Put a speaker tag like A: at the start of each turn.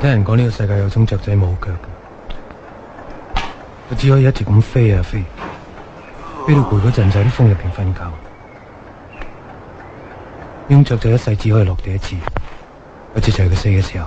A: 聽人講呢、這個世界有種雀仔冇腳，嘅，佢只可以一直咁飛呀、啊、飛。飛到攰嗰陣就喺風入面瞓覺。呢種雀仔一世只可以落地一次，好似就係佢死嘅時候。